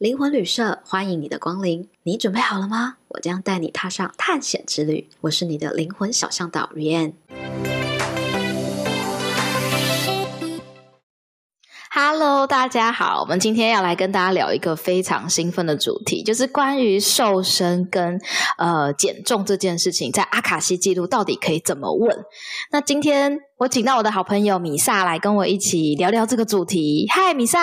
靈魂旅社歡迎你的光臨，你準備好了嗎？我將帶你踏上探險之旅。我是你的靈魂小嚮導 Rianne。Hello，大家好，我們今天要來跟大家聊一個非常興奮的主題，就是關於瘦身跟呃減重這件事情，在阿卡西記錄到底可以怎麼問？那今天我請到我的好朋友米薩來跟我一起聊聊這個主題。嗨，米薩。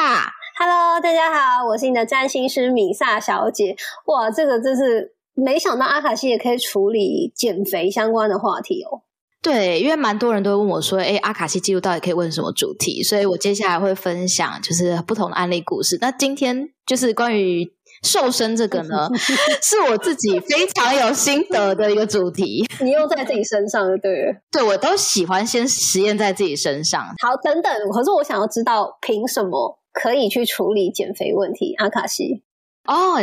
哈嘍大家好，我是你的占星師米薩小姐。哇，這個真是沒想到，阿卡西也可以處理減肥相關的話題哦。對，因為蠻多人都會問我說：“哎、欸，阿卡西記錄到底可以問什麼主題？”所以，我接下來會分享就是不同的案例故事。那今天就是關於瘦身這個呢， 是我自己非常有心得的一個主題。 你用在自己身上就對了。對，我都喜歡先實驗在自己身上。好，等等，可是我想要知道，憑什麼？可以去處理減肥問題，阿卡西哦，哎、oh,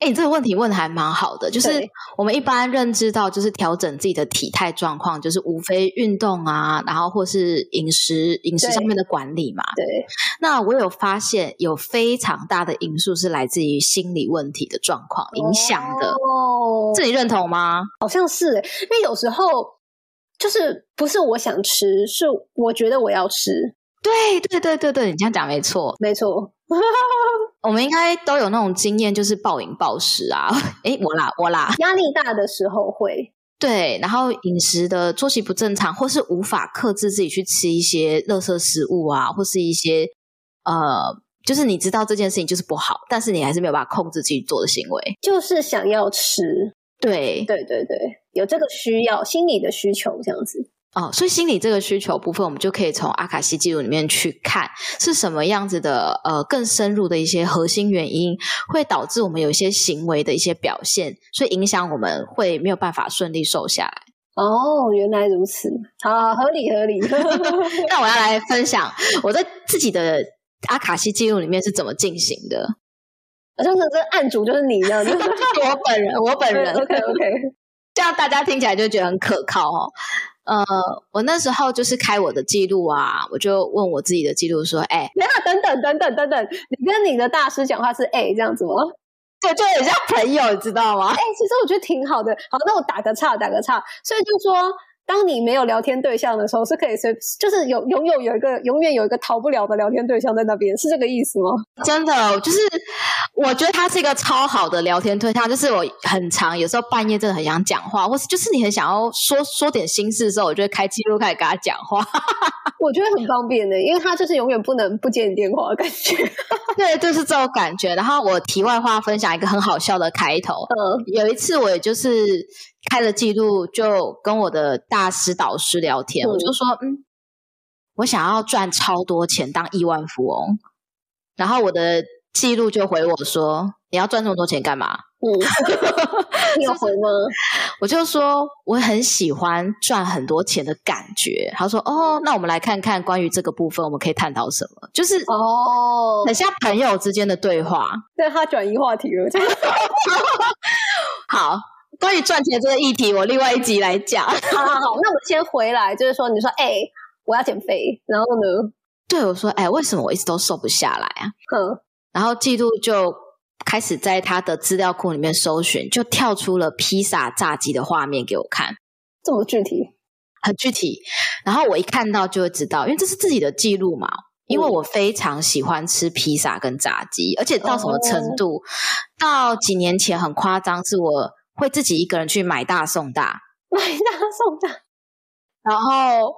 欸，你這個問題問的還蠻好的，就是我們一般認知到，就是調整自己的體態狀況，就是無非運動啊，然後或是飲食飲食上面的管理嘛。對，那我有發現有非常大的因素是來自於心理問題的狀況對影響的，這你、oh, 認同嗎？好像是、欸，因為有時候就是不是我想吃，是我覺得我要吃。對對對對對，你這樣講沒錯，沒錯。沒錯 我們應該都有那種經驗，就是暴飲暴食啊。哎，我啦，我啦，壓力大的時候會。對，然後飲食的作息不正常，或是無法克制自己去吃一些垃圾食物啊，或是一些呃，就是你知道這件事情就是不好，但是你還是沒有辦法控制自己做的行為，就是想要吃。對，對對對，有這個需要，心理的需求這樣子。哦，所以心理這個需求部分，我們就可以從阿卡西記錄裡面去看是什麼樣子的，呃，更深入的一些核心原因，會導致我們有一些行為的一些表現，所以影響我們會沒有辦法順利瘦下來。哦，原來如此，好，好，合理合理。 那我要來分享我在自己的阿卡西記錄裡面是怎麼進行的，就是這個案主就是你一樣的，就是我本人，我本人。 OK OK，這樣大家聽起來就會覺得很可靠哦。呃，我那時候就是開我的記錄啊，我就問我自己的記錄說，哎、欸，沒有等等等等等等，你跟你的大師講話是哎、欸，這樣子嗎？對，就很像朋友，你知道嗎？哎、欸，其實我覺得挺好的。好，那我打個岔，打個岔，所以就說。當你沒有聊天對象的時候，是可以隨，就是有永遠有，有一個永遠有一個逃不了的聊天對象在那邊，是這個意思嗎？真的，就是我覺得他是一個超好的聊天對象，就是我很常有時候半夜真的很想講話，或是就是你很想要說說點心事的時候，我就會開記錄開始跟他講話， 我覺得很方便的、欸，因為他就是永遠不能不接你電話，感覺 對，就是這種感覺。然後我題外話分享一個很好笑的開頭，嗯，有一次我也就是。開了記錄就跟我的大師導師聊天，嗯、我就說嗯，我想要賺超多錢當億萬富翁，然後我的記錄就回我說，你要賺這麼多錢幹嘛？有回嗎？我就說我很喜歡賺很多錢的感覺。他說哦，那我們來看看關於這個部分我們可以探討什麼，就是哦，很像朋友之間的對話。對，他轉移話題了， 好。關於賺錢這個議題，我另外一集來講。 好，啊、 好，那我先回來，就是說，你說，哎、欸，我要減肥，然後呢？對，我說，哎、欸，為什麼我一直都瘦不下來啊？嗯、然後記錄就開始在他的資料庫裡面搜尋，就跳出了披薩炸雞的畫面給我看。這麼具體？很具體。然後我一看到就會知道，因為這是自己的記錄嘛。因為我非常喜歡吃披薩跟炸雞，而且到什麼程度？嗯、到幾年前很誇張，是我。會自己一個人去買大送大，買大送大，然後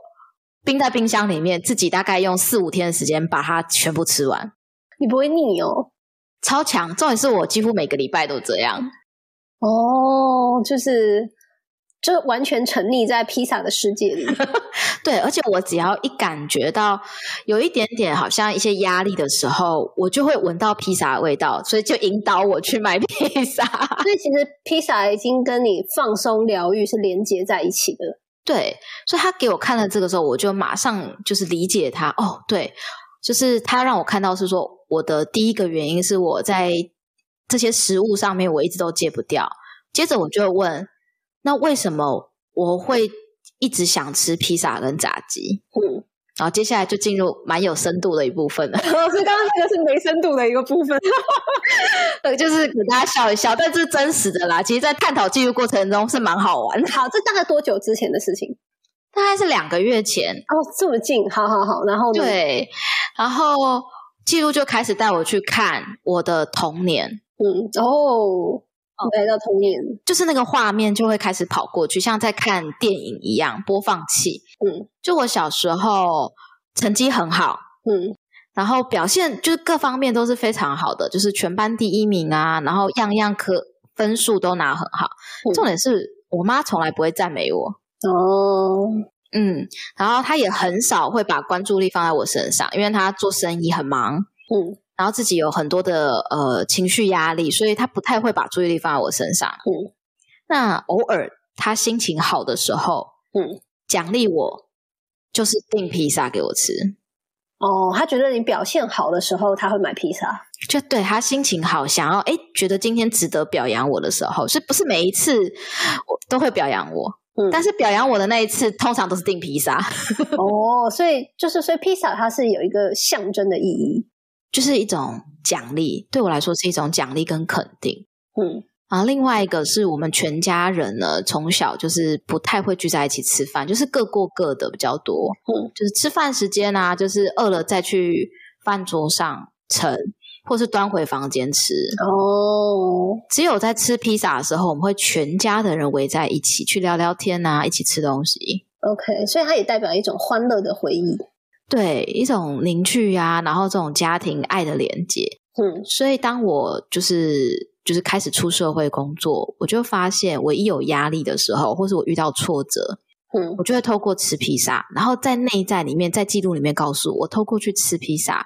冰在冰箱裡面，自己大概用四五天的時間把它全部吃完。你不會膩哦，超強！重點是我幾乎每個禮拜都這樣。哦，就是。就完全沉溺在披薩的世界裡， 對。而且我只要一感覺到有一點點好像一些壓力的時候，我就會聞到披薩的味道，所以就引導我去買披薩。 所以其實披薩已經跟你放鬆療癒是連接在一起的。對，所以他給我看了這個時候，我就馬上就是理解他。哦，對，就是他讓我看到是說我的第一個原因是我在這些食物上面我一直都戒不掉。接着我就問。那為什麼我會一直想吃披薩跟炸雞？嗯，然後接下來就進入蠻有深度的一部分了。老師，剛剛那個是沒深度的一個部分， 對就是給大家笑一笑，嗯、但這是真實的啦。其實，在探討記錄過程中是蠻好玩的。好，這大概多久之前的事情？大概是兩個月前。哦，這麼近，好好好。然後對，然後記錄就開始帶我去看我的童年。嗯，哦。來到童年，就是那個畫面就會開始跑過去，像在看電影一樣播放器。嗯，就我小時候成績很好，嗯，然後表現就是各方面都是非常好的，就是全班第一名啊，然後樣樣科分數都拿很好。嗯、重點是我媽從來不會讚美我哦，嗯，然後她也很少會把關注力放在我身上，因為她做生意很忙，嗯。然後自己有很多的呃情緒壓力，所以他不太會把注意力放在我身上。嗯，那偶爾他心情好的時候，嗯，獎勵我就是訂披薩給我吃。哦，他覺得你表現好的時候，他會買披薩。就對他心情好，想要哎，覺得今天值得表揚我的時候，是不是每一次都會表揚我？嗯，但是表揚我的那一次，通常都是訂披薩。 哦，所以就是所以披薩它是有一個象徵的意義。就是一種獎勵，對我來說是一種獎勵跟肯定。嗯，然後另外一個是我們全家人呢，從小就是不太會聚在一起吃飯，就是各過各的比較多。嗯，就是吃飯時間啊，就是餓了再去飯桌上盛，或是端回房間吃。哦，只有在吃披薩的時候，我們會全家的人圍在一起去聊聊天啊，一起吃東西。OK，所以它也代表一種歡樂的回憶。對，一種凝聚呀、啊，然後這種家庭愛的連接。嗯，所以當我就是就是開始出社會工作，我就發現我一有壓力的時候，或是我遇到挫折，嗯，我就會透過吃披薩，然後在內在裡面，在記錄裡面告訴我，我透過去吃披薩，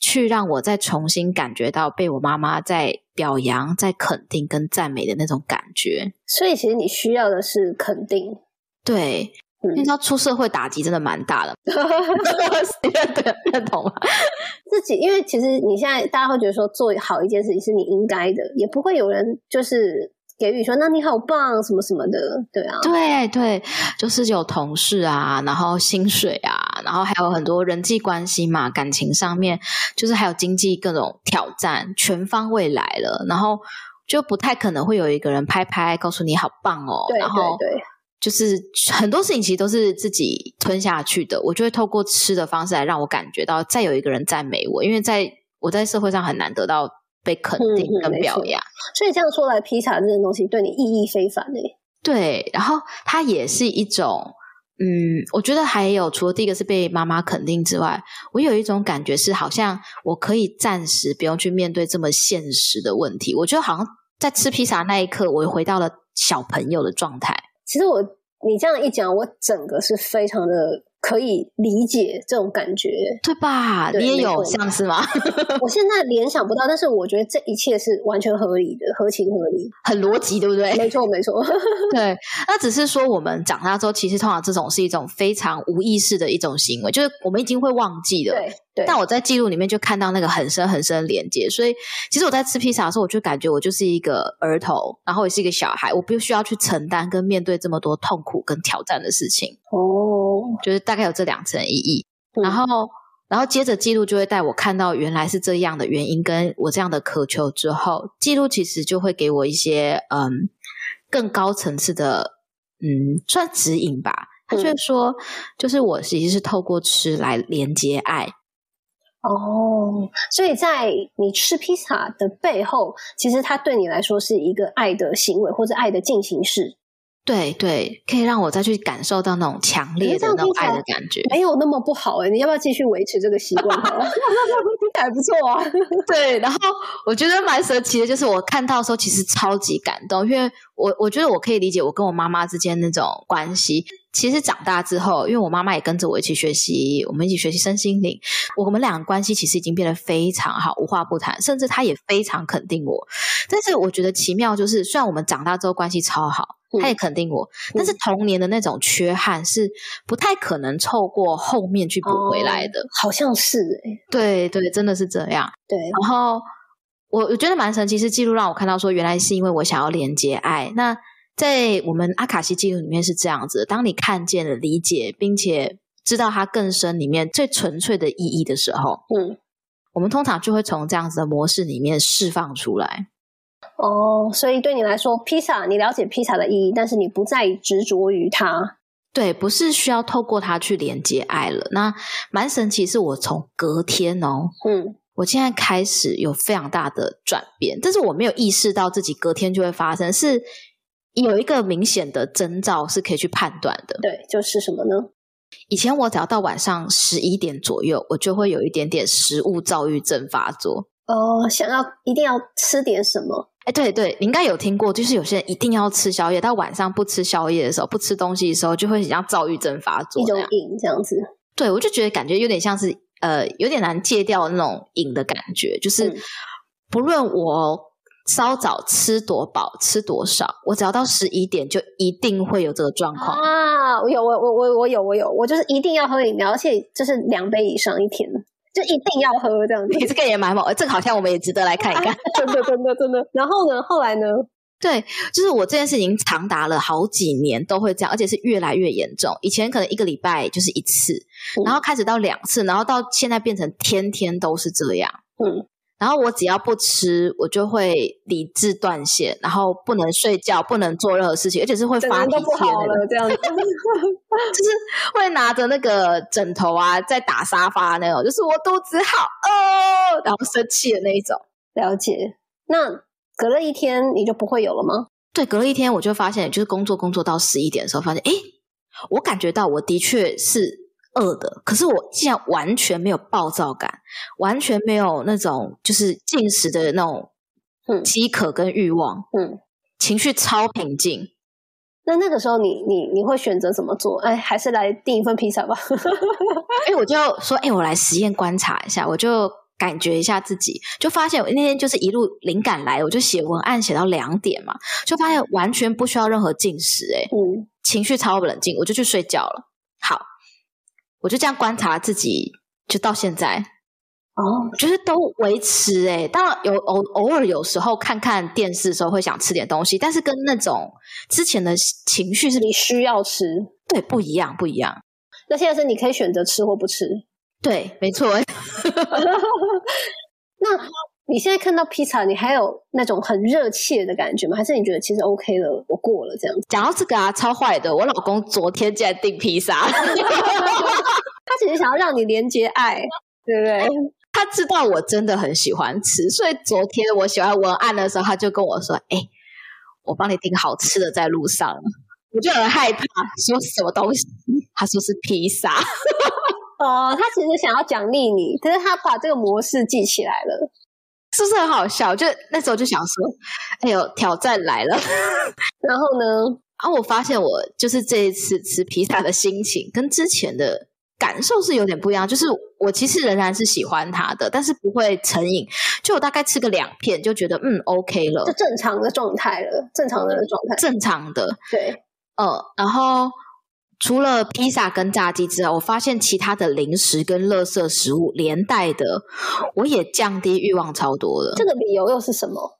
去讓我再重新感覺到被我媽媽在表揚、在肯定跟讚美的那種感覺。所以，其實你需要的是肯定。對。因為他出社會，打擊真的蠻大的。認同認同自己，因為其實你現在大家會覺得說，做好一件事情是你應該的，也不會有人就是給予說，那你好棒什麼什麼的。對啊，對對，就是有同事啊，然後薪水啊，然後還有很多人際關係嘛，感情上面，就是還有經濟各種挑戰，全方位來了，然後就不太可能會有一個人拍拍告訴你好棒哦、喔。對對對，然後對。就是很多事情其實都是自己吞下去的，我就會透過吃的方式來讓我感覺到再有一個人讚美我，因為在我在社會上很難得到被肯定跟表揚。嗯嗯，所以這樣說來，披薩這件東西對你意義非凡誒。對，然後它也是一種，嗯，我覺得還有除了第一個是被媽媽肯定之外，我有一種感覺是好像我可以暫時不用去面對這麼現實的問題。我覺得好像在吃披薩那一刻，我又回到了小朋友的狀態。其實我你這樣一講，我整個是非常的可以理解這種感覺，對吧？對，你也有像是嗎？我現在聯想不到，但是我覺得這一切是完全合理的，合情合理，很邏輯，對不對？沒錯，沒錯。對，那只是說我們長大之後其實通常這種是一種非常無意識的一種行為，就是我們已經會忘記了。對。對但我在記錄裡面就看到那個很深很深的連接，所以其實我在吃披薩的時候，我就感覺我就是一個兒童，然後也是一個小孩，我不需要去承擔跟面對這麼多痛苦跟挑戰的事情。哦，oh. 就是大概有這兩層意義。嗯、然後，然後接着記錄就會帶我看到原來是這樣的原因，跟我這樣的渴求之後，記錄其實就會給我一些嗯更高層次的嗯算指引吧。他就會說，嗯、就是我其實是透過吃來連接愛。哦，oh, 所以在你吃披薩的背後，其實它對你來說是一個愛的行為，或者愛的進行式。對對，可以讓我再去感受到那種強烈的那種愛的感覺，沒有那麼不好哎、欸。你要不要繼續維持這個習慣？好 不錯錯、啊， 對。然後我覺得蠻神奇的，就是我看到的時候，其實超級感動，因為我我覺得我可以理解我跟我媽媽之間那種關係。其實長大之後，因為我媽媽也跟着我一起學習，我們一起學習身心靈，我們倆關係其實已經變得非常好，無話不談，甚至她也非常肯定我。但是我覺得奇妙，就是雖然我們長大之後關係超好，她也肯定我，嗯、但是童年的那種缺憾是不太可能透過後面去補回來的。哦、好像是、欸，哎，對對，真的是這樣。對，然後我我覺得蠻神奇，是記錄讓我看到說，原來是因為我想要連接愛那。在我們阿卡西記錄裡面是這樣子：當你看見了理解，並且知道它更深裡面最純粹的意義的時候，嗯，我們通常就會從這樣子的模式裡面釋放出來。哦，所以對你來說，披薩，你了解披薩的意義，但是你不再執着於它。對，不是需要透過它去連接愛了。那蠻神奇，是我從隔天哦，嗯，我現在開始有非常大的轉變，但是我沒有意識到自己隔天就會發生，是。有一個明顯的徵兆是可以去判斷的，對，就是什麼呢？以前我只要到晚上十一點左右，我就會有一點點食物躁鬱症發作。哦，想要一定要吃點什麼？哎、欸，對對，你應該有聽過，就是有些人一定要吃宵夜，到晚上不吃宵夜的時候，不吃東西的時候，就會很像躁鬱症發作，一種癮這樣子。對，我就覺得感覺有點像是呃，有點難戒掉那種癮的感覺，就是、嗯、不論我。稍早吃多飽，吃多少，我只要到十一點就一定會有這個狀況啊！我有，我我我我有，我有，我就是一定要喝飲料，而且就是兩杯以上一天，就一定要喝這樣子。嗯、你這個也蠻好，這個好像我們也值得來看一看，啊。真的，真的，真的。然後呢，後來呢？對，就是我這件事已經長達了好幾年都會這樣，而且是越來越嚴重。以前可能一個禮拜就是一次，然後開始到兩次，然後到現在變成天天都是這樣。嗯。嗯然後我只要不吃，我就會理智斷線，然後不能睡覺，不能做任何事情，而且是會發脾氣的這樣子， 就是會拿着那個枕頭啊，在打沙發那種，就是我肚子好餓，哦，然後生氣的那一種。了解。那隔了一天，你就不會有了嗎？對，隔了一天，我就發現，就是工作工作到十一點的時候，發現，哎，欸，我感覺到我的確是。餓的，可是我竟然完全沒有暴躁感，完全沒有那種就是進食的那種飢渴跟欲望，嗯，嗯，情緒超平靜。那那個時候你，你你你會選擇怎麼做？哎，還是來訂一份披薩吧。哎， 欸、我就說，哎、欸，我來實驗觀察一下，我就感覺一下自己，就發現我那天就是一路靈感來，我就寫文案寫到兩點嘛，就發現完全不需要任何進食、欸，哎，嗯，情緒超冷靜，我就去睡覺了。好。我就這樣觀察自己，就到現在，哦，oh, 就是都維持哎、欸。當然有偶偶爾有時候看看電視的時候會想吃點東西，但是跟那種之前的情緒是不你需要吃，對，不一樣不一樣。那現在是你可以選擇吃或不吃，對，沒錯、欸。 那。你現在看到披薩，你還有那種很熱切的感覺嗎？還是你覺得其實 OK 了，我過了這樣子？講到這個啊，超壞的！我老公昨天竟然訂披薩，他其實想要讓你連接愛，對不對、哦？他知道我真的很喜歡吃，所以昨天我寫完文案的時候，他就跟我說：“哎、欸，我幫你訂好吃的，在路上。”我就很害怕說什麼東西，他說是披薩。 哦，他其實想要獎勵你，可是他把這個模式記起來了。是不是很好笑？就那時候就想說，哎呦，挑戰來了。 然後呢？然、啊、我發現我，我就是這一次吃披薩的心情跟之前的感受是有點不一樣。就是我其實仍然是喜歡它的，但是不會成癮。就我大概吃個兩片，就覺得嗯，OK 了，就正常的狀態了，正常的狀態，正常的。對，哦、嗯，然後。除了披薩跟炸雞之外，我發現其他的零食跟垃圾食物連帶的，我也降低慾望超多了。這個理由又是什麼？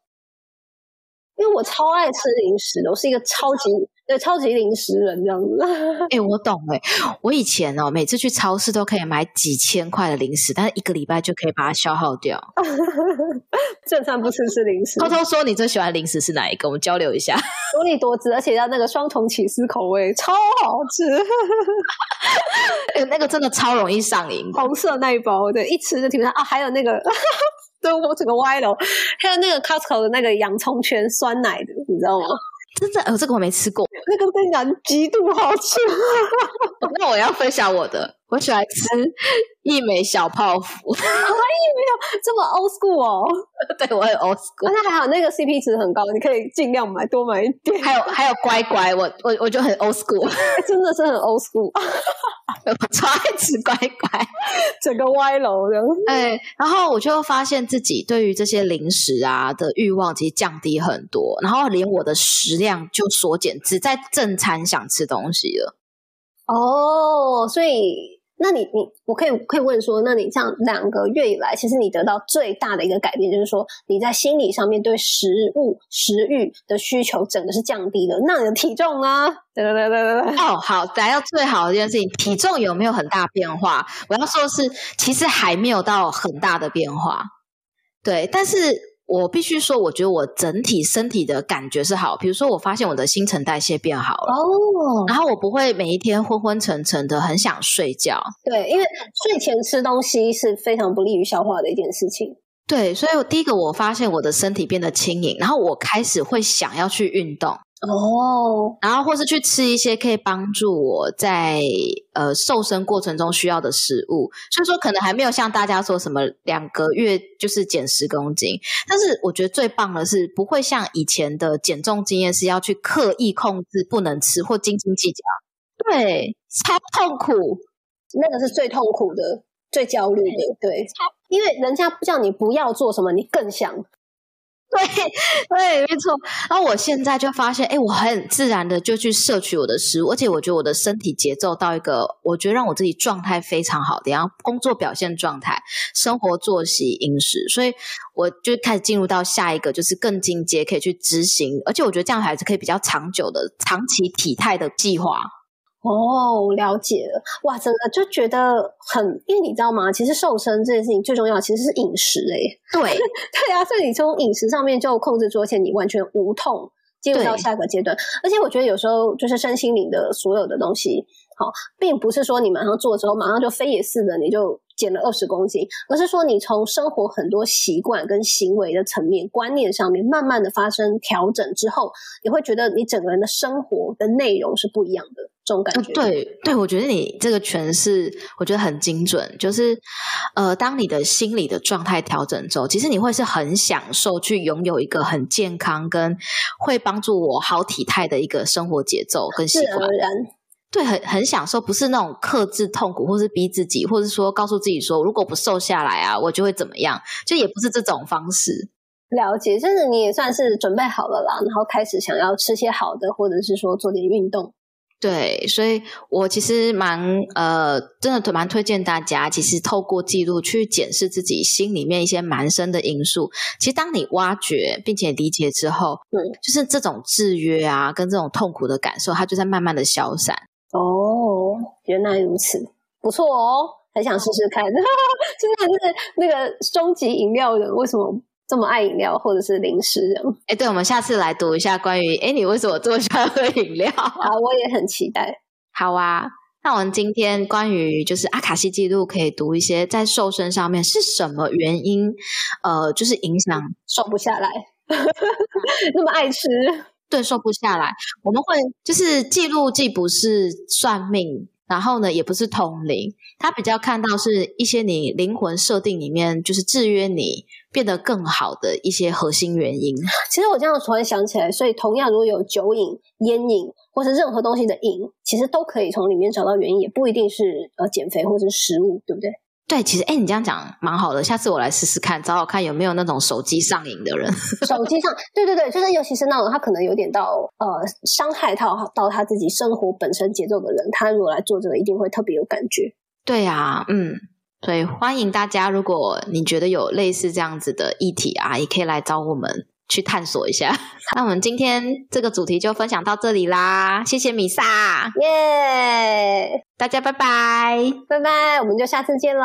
因為我超愛吃零食，我是一個超級。對，超級零食人這樣子。哎、欸，我懂哎、欸，我以前哦、喔，每次去超市都可以買幾千塊的零食，但是一個禮拜就可以把它消耗掉。 正餐不吃，吃零食。偷偷說，你最喜歡零食是哪一個？我們交流一下。多力多滋，而且要那個雙重起司口味，超好吃。哎、 欸，那個真的超容易上癮。 紅色那一包對，一吃就停不下來。還有那個， 對我整個歪了。還有那個 Costco 的那個洋蔥圈酸奶的，你知道嗎？真的？哦，這個我沒吃過。那個真的極度好吃， 那我要分享我的。我喜歡吃義美小泡芙，還以為沒有，這麼 old school 哦？ 對，我很 old school，那、啊、還好，那個 CP 值很高，你可以盡量買多買一點。還有還有乖乖，我我我就很 old school，欸、真的是很 old school，超愛吃乖乖， 整個歪樓的。哎，然後我就發現自己對於這些零食啊的慾望其實降低很多，然後連我的食量就縮減，只在正餐想吃東西了。哦，所以。那你你我可以可以問說，那你這樣兩個月以來，其實你得到最大的一個改變，就是說你在心理上面對食物食欲的需求，整個是降低的。那你的體重呢？對對對對對。哦，好，來到最好的一件事情，體重有沒有很大變化？我要說的是，其實還沒有到很大的變化。對，但是。我必須說，我覺得我整體身體的感覺是好。比如說，我發現我的新陳代謝變好了，oh. 然後我不會每一天昏昏沉沉的，很想睡覺。對，因為睡前吃東西是非常不利於消化的一件事情。對，所以我第一個我發現我的身體變得輕盈，然後我開始會想要去運動。哦，oh, 然後或是去吃一些可以幫助我在呃瘦身過程中需要的食物，所以說可能還沒有像大家說什麼兩個月就是減十公斤，但是我覺得最棒的是不會像以前的減重經驗是要去刻意控制不能吃或斤斤計較，對，超痛苦，那個是最痛苦的、最焦慮的，嗯、對，因為人家叫你不要做什麼，你更想。對對，沒錯。然後我現在就發現，哎，我很自然的就去攝取我的食物，而且我覺得我的身體節奏到一個，我覺得讓我自己狀態非常好的，然後工作表現狀態、生活作息、飲食，所以我就開始進入到下一個，就是更進階可以去執行，而且我覺得這樣還是可以比較長久的、長期體態的計劃。哦，了解了。哇，真的就覺得很，因為你知道嗎？其實瘦身這件事情最重要其實是飲食誒、欸、對 對啊，所以你從飲食上面就控制桌前，你完全無痛進入到下一個階段，對而且我覺得有時候就是身心靈的所有的東西。好，並不是說你馬上做之後馬上就飛也似的你就減了二十公斤，而是說你從生活很多習慣跟行為的層面、觀念上面，慢慢的發生調整之後，你會覺得你整個人的生活跟內容是不一樣的這種感覺。嗯、對對，我覺得你這個詮釋，我覺得很精準。就是，呃，當你的心理的狀態調整之後，其實你會是很享受去擁有一個很健康跟會幫助我好體態的一個生活節奏跟習慣。對，很很享受，不是那種克制痛苦，或是逼自己，或是說告訴自己說，如果不瘦下來啊，我就會怎麼樣，就也不是這種方式。了解，就是你也算是準備好了啦，然後開始想要吃些好的，或者是說做點運動。對，所以我其實蠻呃，真的蠻推薦大家，其實透過記錄去檢視自己心裡面一些蠻深的因素。其實當你挖掘並且理解之後，嗯，就是這種制約啊，跟這種痛苦的感受，它就在慢慢的消散。哦，原來如此，不錯哦，很想試試看，哈哈真的是那個終極飲料人，為什麼這麼愛飲料，或者是零食人。誒，對，我們下次來讀一下關於，哎，你為什麼這麼喜歡喝飲料啊？我也很期待。好啊，那我們今天關於就是阿卡西記錄，可以讀一些在瘦身上面是什麼原因？呃，就是影響瘦不下來，那麼愛吃。對，瘦不下來。我們會就是記錄，既不是算命，然後呢，也不是通靈。它比較看到是一些你靈魂設定裡面，就是制約你變得更好的一些核心原因。其實我這樣突然想起來，所以同樣如果有酒癮、菸癮，或是任何東西的癮，其實都可以從裡面找到原因，也不一定是呃減肥或是食物，對不對？對，其實誒你這樣講蠻好的，下次我來試試看，找找看有沒有那種手機上癮的人。 手機上，對對對，就是尤其是那種他可能有點到呃傷害到到他自己生活本身節奏的人，他如果來做這個，一定會特別有感覺。對啊，嗯，所以歡迎大家，如果你覺得有類似這樣子的議題啊，也可以來找我們。去探索一下。 那我們今天這個主題就分享到這裡啦，謝謝米薩耶！Yeah! 大家拜拜，拜拜，我們就下次見嘍。